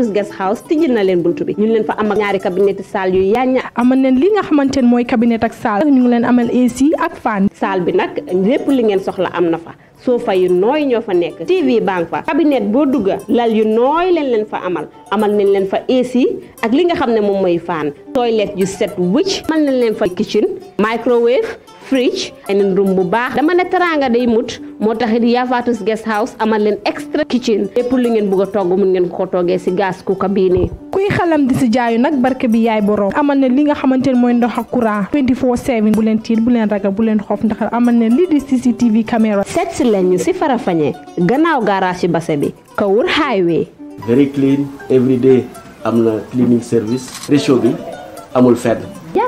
Artus Guest House tijjil na leen buntu bi ñu leen fa am ñaari cabinet salle yu yaañña amal neen li nga xamante ne mooy cabinet ak salle ñu ngi leen amal AC ak fan salle bi nag lépp li ngeen soxla am na fa sofa yu nooy ñoo fa nekk TV baa ngi fa cabinet boo dugga lal yu nooy leen leen fa amal amal nañ leen fa AC ak li nga xam ne moom mooy fan toilette yu set wëcc amal nañ leen fa kitchen microwave fridge beneen room bu baax dama ne teraanga day mut moo tax taxit Yavaatous guest house amal leen extra kitchen lépp lu ngeen bugg a togg mun ngeen ko toggee si gaas ku ko bii nii kuy xalam di si jaayu nag barke bi yaay borom amal ne li nga xamante ne mooy ndox ak courant 24 bu leen tiit bu leen ragal bu leen xoof ndax amal ne lii di CCTV caméra seet si leen ñu si Farafenni gannaaw garage yi base bi Kawur highway very clean every day am na cleaning service réchaud bi amul fenn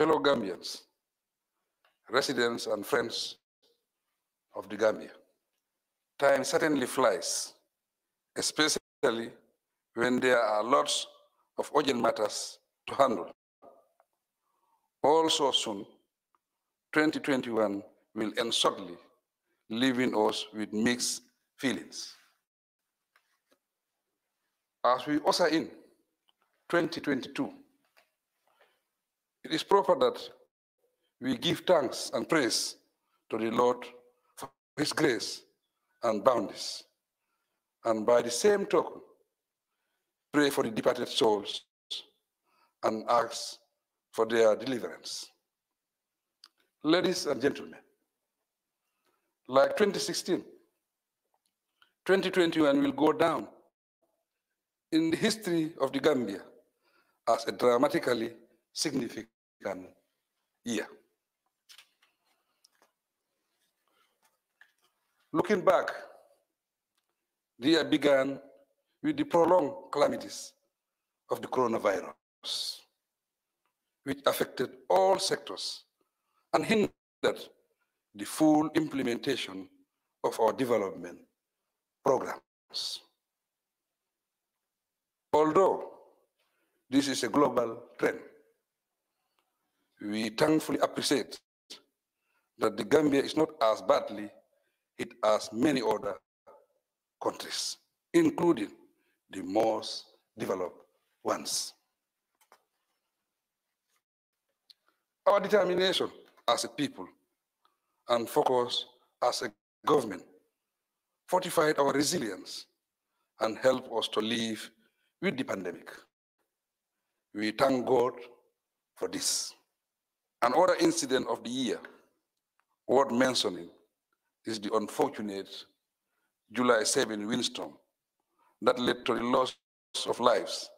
fellow Gambians, residents and friends of the Gambia. Time certainly flies, especially when there are lots of urgent matters to handle. Also soon, 2021 will end shortly, leaving us with mixed feelings. As we usher in 2022, it is proper that we give thanks and praise to the Lord for his grace and bounties. And by the same token, pray for the departed souls and ask for their deliverance. Ladies and gentlemen, like 2016, 2021 will go down in the history of the Gambia as a dramatically significant year. Looking back, the year began with the prolonged calamities of the coronavirus, which affected all sectors and hindered the full implementation of our development programs. Although this is a global trend, we thankfully appreciate that the Gambia is not as badly hit as many other countries, including the most developed ones. Our determination as a people and focus as a government fortified our resilience and helped us to live with the pandemic. We thank God for this. Another incident of the year worth mentioning is the unfortunate July 7 windstorm that led to the loss of lives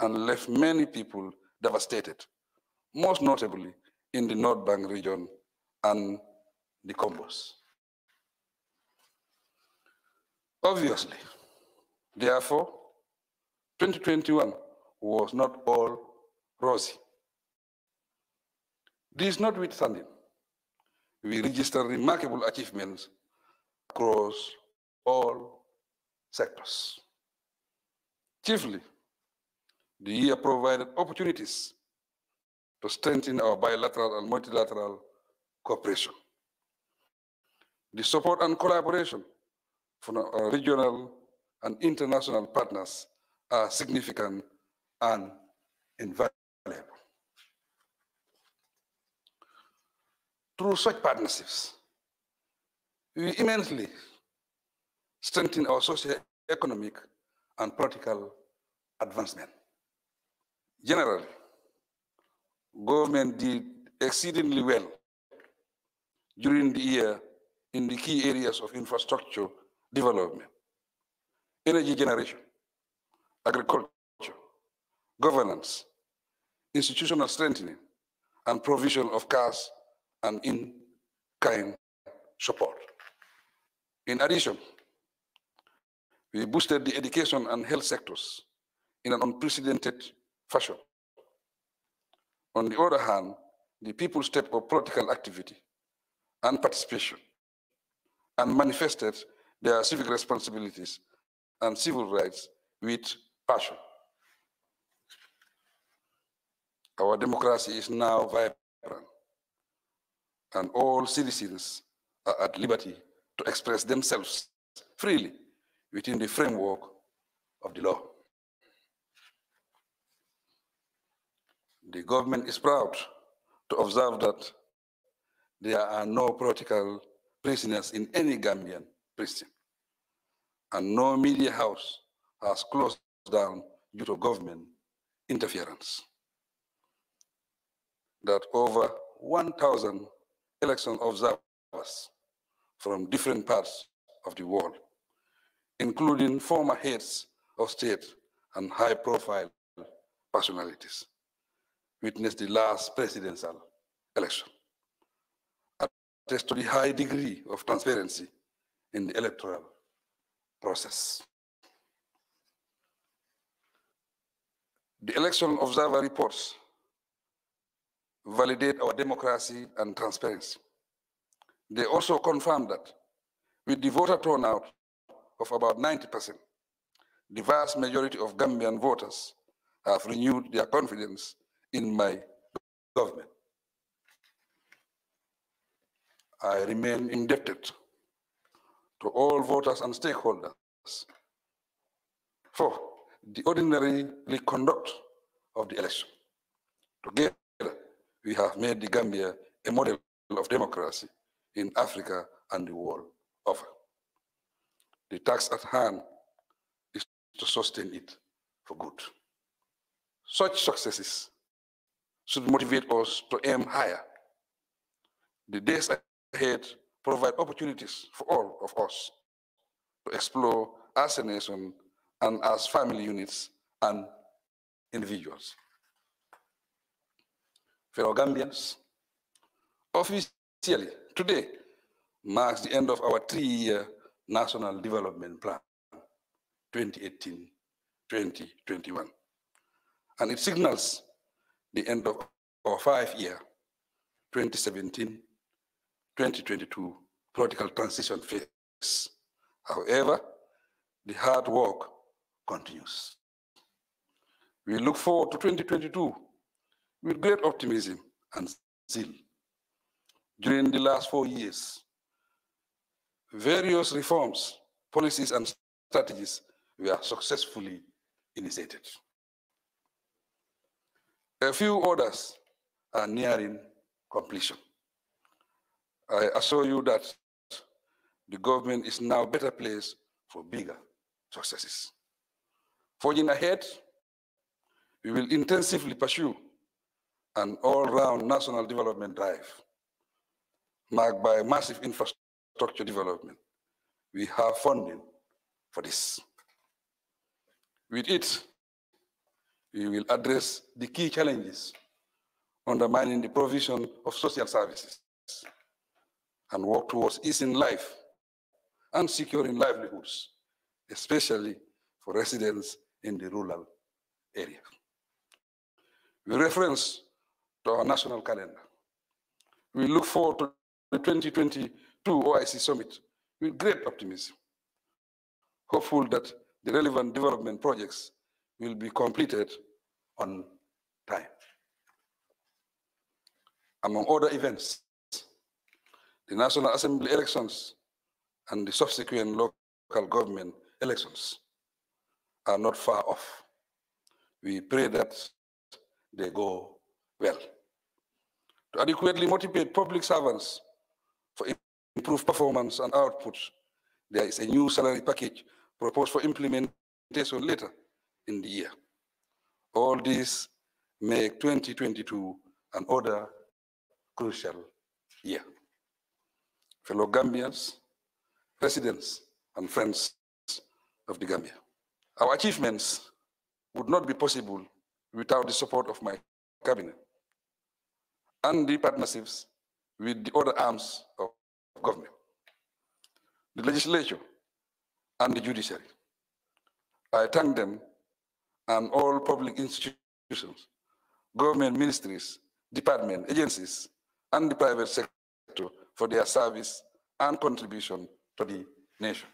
and left many people devastated, most notably in the North Bank region and the Combos. Obviously, therefore, 2021 was not all rosy. This notwithstanding, we register remarkable achievements across all sectors. Chiefly, the year provided opportunities to strengthen our bilateral and multilateral cooperation. The support and collaboration from our regional and international partners are significant and invaluable. Through such partnerships, we immensely strengthen our socio-economic and political advancement. Generally, government did exceedingly well during the year in the key areas of infrastructure development, energy generation, agriculture, governance, institutional strengthening, and provision of cars and in-kind support. In addition, we boosted the education and health sectors in an unprecedented fashion. On the other hand, the people stepped up political activity and participation and manifested their civic responsibilities and civil rights with passion. Our democracy is now vibrant and all citizens are at liberty to express themselves freely within the framework of the law. The government is proud to observe that there are no political prisoners in any Gambian prison, and no media house has closed down due to government interference. That over 1,000 election observers from different parts of the world, including former heads of state and high-profile personalities, witnessed the last presidential election. Attest to the high degree of transparency in the electoral process. The election observer reports validate our democracy and transparency. They also confirmed that with the voter turnout of about 90%, the vast majority of Gambian voters have renewed their confidence in my government. I remain indebted to all voters and stakeholders for the ordinary conduct of the election to give we have made the Gambia a model of democracy in Africa and the world over. The task at hand is to sustain it for good. Such successes should motivate us to aim higher. The days ahead provide opportunities for all of us to explore as a nation and as family units and individuals fellow Gambians. Officially, today marks the end of our three-year National Development Plan 2018-2021. And it signals the end of our five-year 2017-2022 political transition phase. However, the hard work continues. We look forward to 2022 with great optimism and zeal. During the last four years, various reforms, policies, and strategies were successfully initiated. A few others are nearing completion. I assure you that the government is now better placed for bigger successes. Forging ahead, we will intensively pursue an all-round national development drive marked by massive infrastructure development. We have funding for this. With it, we will address the key challenges undermining the provision of social services and work towards easing life and securing livelihoods, especially for residents in the rural area. We reference our national calendar. We look forward to the 2022 OIC Summit with great optimism, hopeful that the relevant development projects will be completed on time. Among other events, the National Assembly elections and the subsequent local government elections are not far off. We pray that they go well to adequately motivate public servants for improved performance and output. There is a new salary package proposed for implementation later in the year. All this make 2022 an other crucial year. Fellow Gambians, residents, and friends of the Gambia. Our achievements would not be possible without the support of my cabinet and the partnerships with the other arms of government, the legislature, and the judiciary. I thank them and all public institutions, government ministries, department, agencies, and the private sector for their service and contribution to the nation.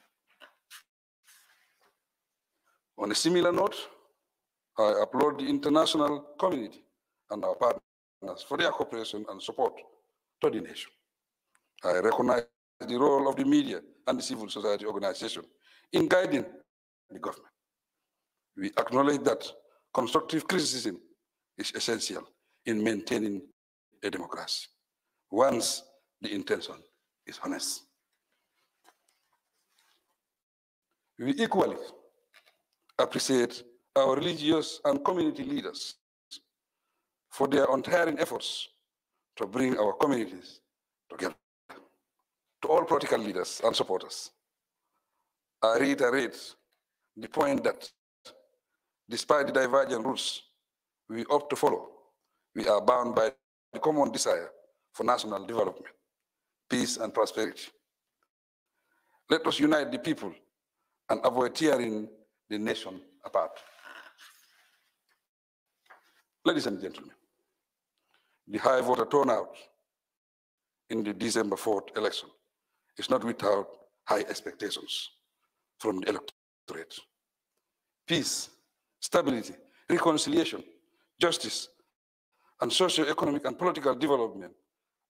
On a similar note, I applaud the international community and our partners for their cooperation and support to the nation. I recognize the role of the media and the civil society organization in guiding the government. We acknowledge that constructive criticism is essential in maintaining a democracy once the intention is honest. We equally appreciate our religious and community leaders for their untiring efforts to bring our communities together. To all political leaders and supporters, I reiterate the point that despite the divergent routes we opt to follow, we are bound by the common desire for national development, peace, and prosperity. Let us unite the people and avoid tearing the nation apart. Ladies and gentlemen, the high voter turnout in the December 4th election is not without high expectations from the electorate. Peace, stability, reconciliation, justice, and socio-economic and political development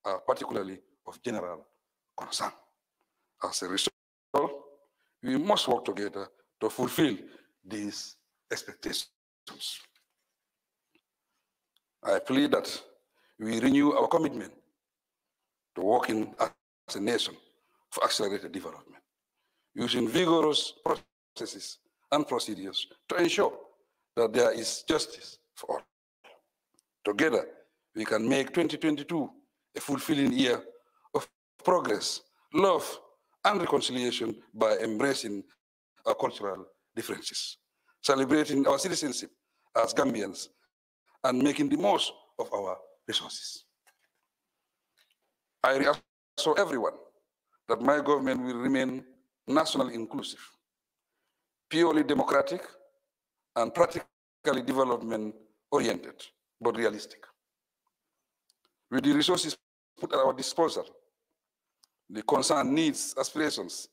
are particularly of general concern. As a result, we must work together to fulfill these expectations. I plead that we renew our commitment to working as a nation for accelerated development, using vigorous processes and procedures to ensure that there is justice for all. Together, we can make 2022 a fulfilling year of progress, love, and reconciliation by embracing our cultural differences, celebrating our citizenship as Gambians, and making the most of our resources. I reassure everyone that my government will remain nationally inclusive, purely democratic, and practically development oriented, but realistic. With the resources put at our disposal, the concern, needs, aspirations,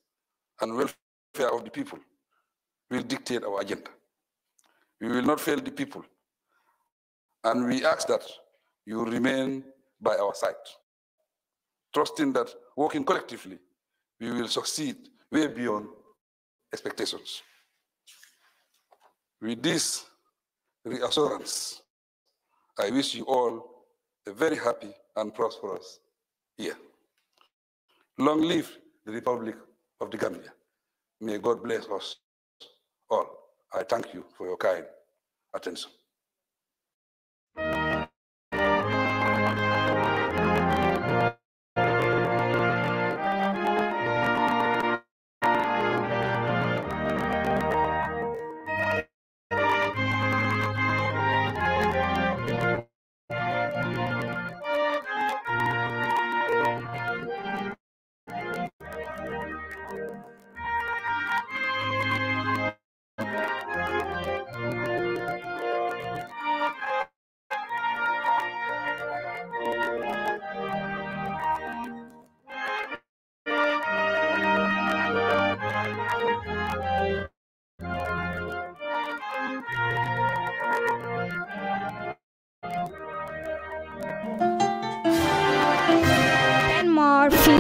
and welfare of the people will dictate our agenda. We will not fail the people. And we ask that you remain by our side, trusting that working collectively, we will succeed way beyond expectations. With this reassurance, I wish you all a very happy and prosperous year. Long live the Republic of the Gambia. May God bless us all. I thank you for your kind attention.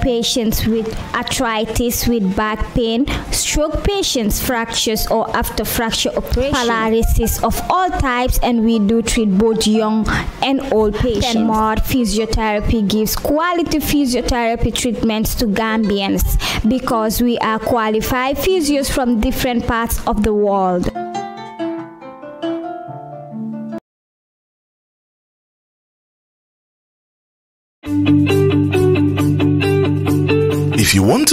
patients with arthritis, with back pain, stroke patients, fractures or after fracture operation, paralysis of all types, and we do treat both young and old patients. More Physiotherapy gives quality physiotherapy treatments to Gambians because we are qualified physios from different parts of the world.